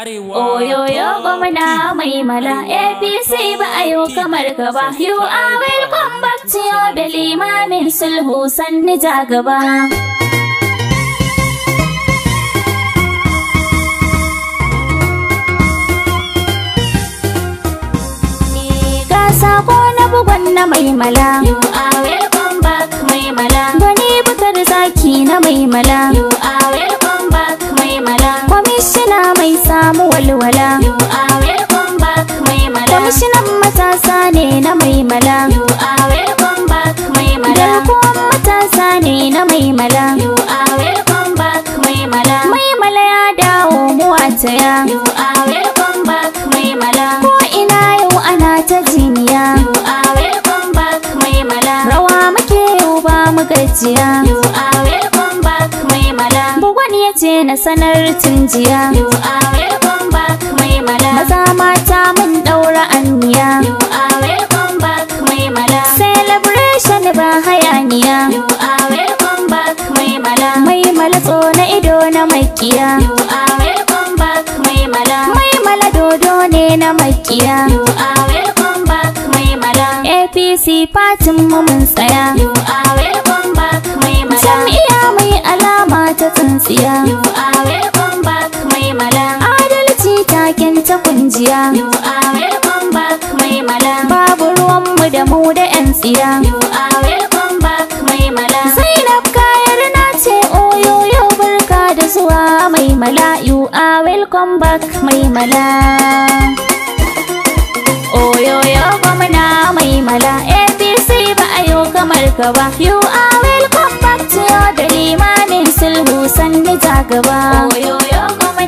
Arewa. Oyoyo gwamna mai mala APC ba ayo kamar ka ba. You are welcome back to your belly mamin sulhu sanni ja gaba. Sako na bugon na mai mala. You are welcome back mai mala. Gwani bukar zaki na maimala. mala. You are ya You are welcome back mai mala Ko ina yau ana ta jiniya You are welcome back mai mala Rawa muke yau ba mu gajiya You are welcome back mai mala Bugun ce na sanar tun jiya You are na makiya You are welcome back mai mala APC patin mu mun tsaya You are welcome back mai mala Jami'a mai alama ta tsintsiya You are welcome back mai mala Adalci taken ta kunjiya You are welcome back mai mala Babu ruwan mu da mu da 'yan tsiya You are welcome kasuwa mai mala you are welcome back mai mala oyoyo gwamna mai mala apc ba a yau kamar ka ba you are welcome back to your da limamin sulhu sanni ta gaba oyoyo gwamna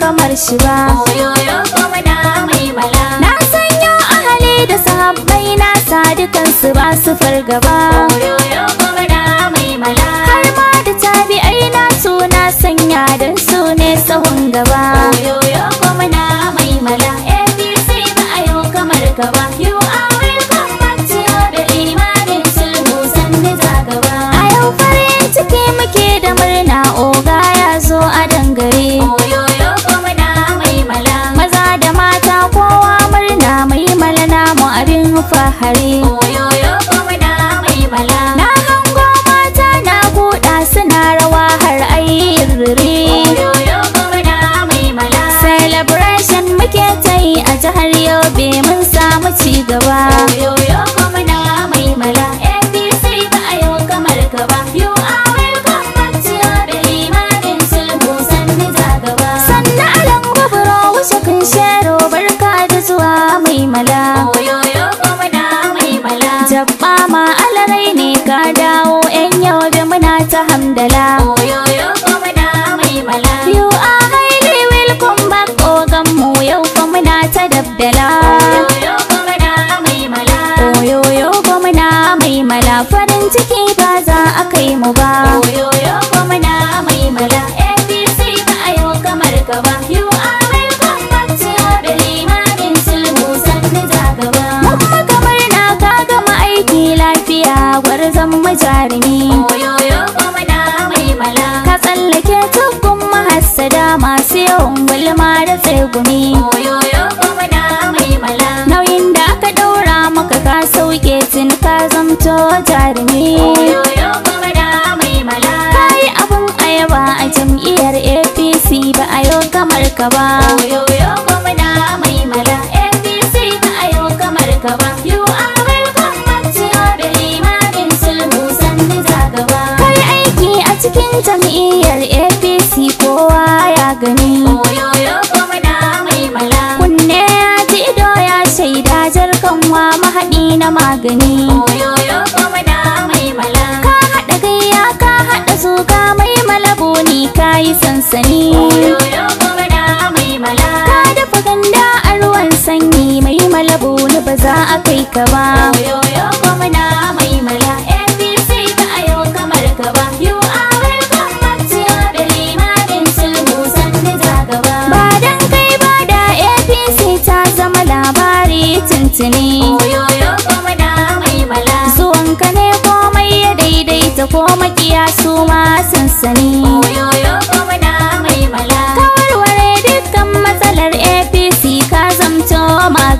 kamar shi ba kuma na mai bala na sanyo ahali da sahabbai na sa su ba su fargaba kuma na mai bala har ma da tabi'ai na suna sanya don su ne sahun gaba kare mai bala na hango na guda suna rawa har ayyurri oyoyo celebration muke ta yi a jihar yobe mun samu ci gaba oyoyo you are highly welcome yau fa ta dabdala oyoyo mai mala farin ciki ba za a kai mu ba oyoyo fa muna ba a yau kamar ka ba gulma da tsegumi oyoyo kuma na nauyin da aka ɗaura maka ka sauke tun ka zamto jarumi oyoyo kuma na abun ayaba a jam'iyyar apc ba a yau kamar ka ba oyoyo kuma na ba a kamar ka ba sulhu sannu za gaba kai aiki a cikin jam'iyyar apc kowa ya gani na magani mai mala ka haɗa gayya ka haɗa zuga mai malabo ni ka yi sansani oyoyo kuma na mai mala ka dafa ganda a ruwan sanyi mai malabo ni ba za a kai ka ba